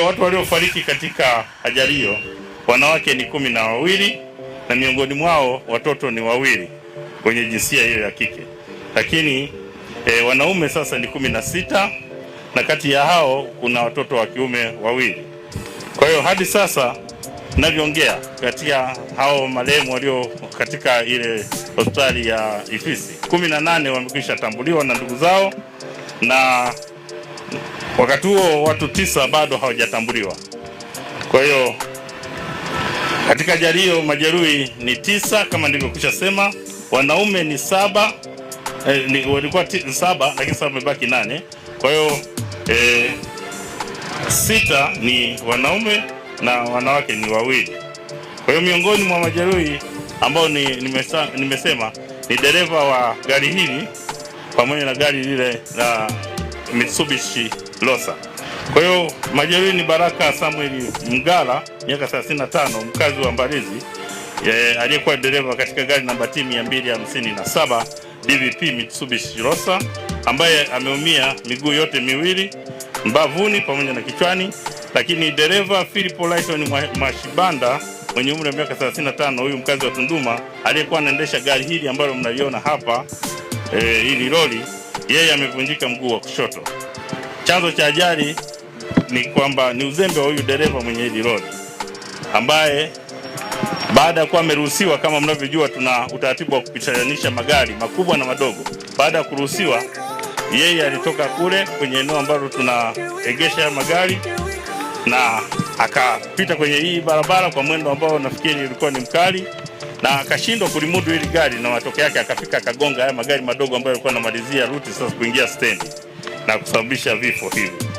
Watu waliofariki katika ajali hiyo wanawake ni kumi na wawili na miongoni mwao watoto ni wawili kwenye jinsia hiyo ya kike, lakini e, wanaume sasa ni kumi na sita na kati ya hao kuna watoto wa kiume wawili. Kwa hiyo hadi sasa ninavyoongea, kati ya hao marehemu walio katika ile hospitali ya Ifisi, kumi na nane wamekwisha tambuliwa na ndugu zao na Wakati huo watu tisa bado hawajatambuliwa. Kwa hiyo katika ajali hiyo majeruhi ni tisa kama nilivyokwisha sema, wanaume ni saba eh, ni, walikuwa t, saba lakini sasa wamebaki nane. Kwa hiyo eh, sita ni wanaume na wanawake ni wawili. Kwa hiyo miongoni mwa majeruhi ambao ni, nimesa, nimesema ni dereva wa gari hili pamoja na gari lile la Mitsubishi Losa. Kwa hiyo ni Baraka Samuel Mgala, miaka 35, mkazi wa Mbalizi, aliyekuwa dereva katika gari namba T 257 DVP Mitsubishi Losa, ambaye ameumia miguu yote miwili mbavuni pamoja na kichwani, lakini dereva Philip Lighton Mwashibanda mwenye umri wa miaka 35, huyu mkazi wa Tunduma, aliyekuwa anaendesha gari hili ambalo mnaliona hapa, e, hili lori, yeye amevunjika mguu wa kushoto chanzo cha ajali ni kwamba ni uzembe wa huyu dereva mwenye hili lori ambaye baada ya kuwa ameruhusiwa, kama mnavyojua, tuna utaratibu wa kupitanisha magari makubwa na madogo. Baada ya kuruhusiwa, yeye alitoka kule kwenye eneo ambalo tunaegesha magari na akapita kwenye hii barabara kwa mwendo ambao nafikiri ulikuwa ni mkali, na akashindwa kulimudu hili gari, na matokeo yake akafika akagonga haya magari madogo ambayo yalikuwa yanamalizia ruti sasa kuingia stendi na kusababisha vifo hivi.